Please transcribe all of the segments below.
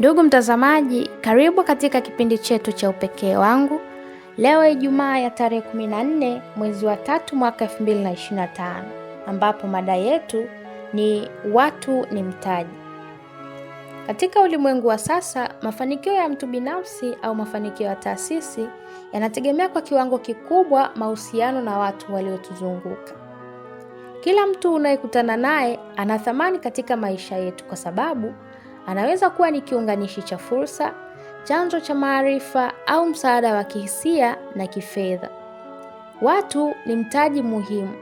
Ndugu mtazamaji, karibu katika kipindi chetu cha Upekee wangu leo Ijumaa ya tarehe 14 mwezi wa tatu mwaka 2025, ambapo mada yetu ni watu ni mtaji. Katika ulimwengu wa sasa, mafanikio ya mtu binafsi au mafanikio ya taasisi yanategemea kwa kiwango kikubwa mahusiano na watu waliotuzunguka. Kila mtu unayekutana naye ana thamani katika maisha yetu kwa sababu Anaweza kuwa ni kiunganishi cha fursa, chanzo cha maarifa au msaada wa kihisia na kifedha. Watu ni mtaji muhimu,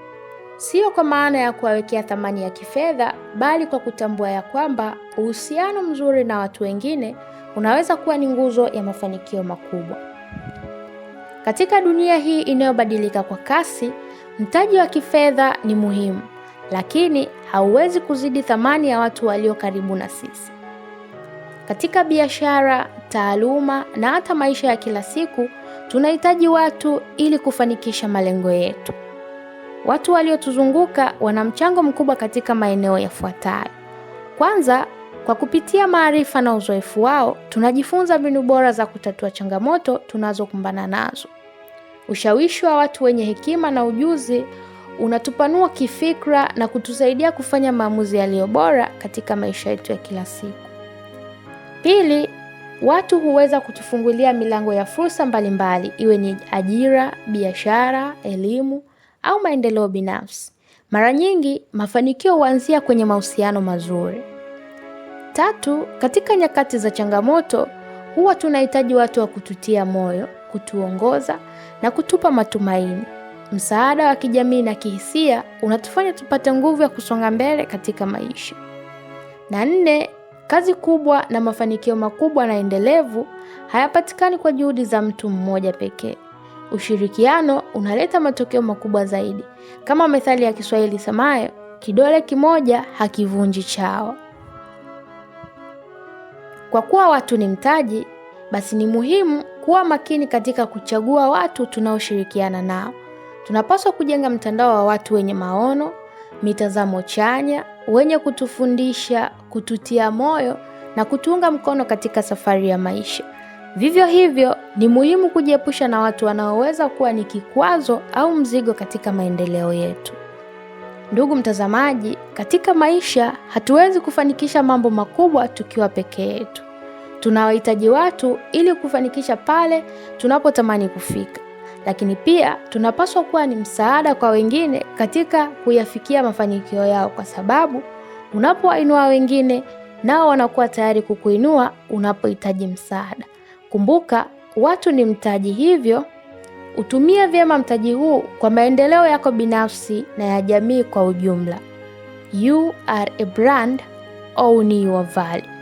sio kwa maana ya kuwawekea thamani ya kifedha, bali kwa kutambua ya kwamba uhusiano mzuri na watu wengine unaweza kuwa ni nguzo ya mafanikio makubwa. Katika dunia hii inayobadilika kwa kasi, mtaji wa kifedha ni muhimu, lakini hauwezi kuzidi thamani ya watu walio karibu na sisi. Katika biashara, taaluma na hata maisha ya kila siku, tunahitaji watu ili kufanikisha malengo yetu. Watu waliotuzunguka wana mchango mkubwa katika maeneo yafuatayo. Kwanza, kwa kupitia maarifa na uzoefu wao, tunajifunza mbinu bora za kutatua changamoto tunazokumbana nazo. Ushawishi wa watu wenye hekima na ujuzi unatupanua kifikra na kutusaidia kufanya maamuzi yaliyo bora katika maisha yetu ya kila siku. Pili, watu huweza kutufungulia milango ya fursa mbalimbali, iwe ni ajira, biashara, elimu au maendeleo binafsi. Mara nyingi mafanikio huanzia kwenye mahusiano mazuri. Tatu, katika nyakati za changamoto huwa tunahitaji watu wa kututia moyo, kutuongoza na kutupa matumaini. Msaada wa kijamii na kihisia unatufanya tupate nguvu ya kusonga mbele katika maisha. Na nne, Kazi kubwa na mafanikio makubwa na endelevu hayapatikani kwa juhudi za mtu mmoja pekee. Ushirikiano unaleta matokeo makubwa zaidi, kama methali ya Kiswahili isemayo, kidole kimoja hakivunji chawa. Kwa kuwa watu ni mtaji, basi ni muhimu kuwa makini katika kuchagua watu tunaoshirikiana nao. Tunapaswa kujenga mtandao wa watu wenye maono, mitazamo chanya, wenye kutufundisha, kututia moyo na kutuunga mkono katika safari ya maisha. Vivyo hivyo, ni muhimu kujiepusha na watu wanaoweza kuwa ni kikwazo au mzigo katika maendeleo yetu. Ndugu mtazamaji, katika maisha hatuwezi kufanikisha mambo makubwa tukiwa peke yetu. Tunawahitaji watu ili kufanikisha pale tunapotamani kufika lakini pia tunapaswa kuwa ni msaada kwa wengine katika kuyafikia mafanikio yao, kwa sababu unapowainua wengine, nao wanakuwa tayari kukuinua unapohitaji msaada. Kumbuka, watu ni mtaji, hivyo utumie vyema mtaji huu kwa maendeleo yako binafsi na ya jamii kwa ujumla. You are a brand, own your value.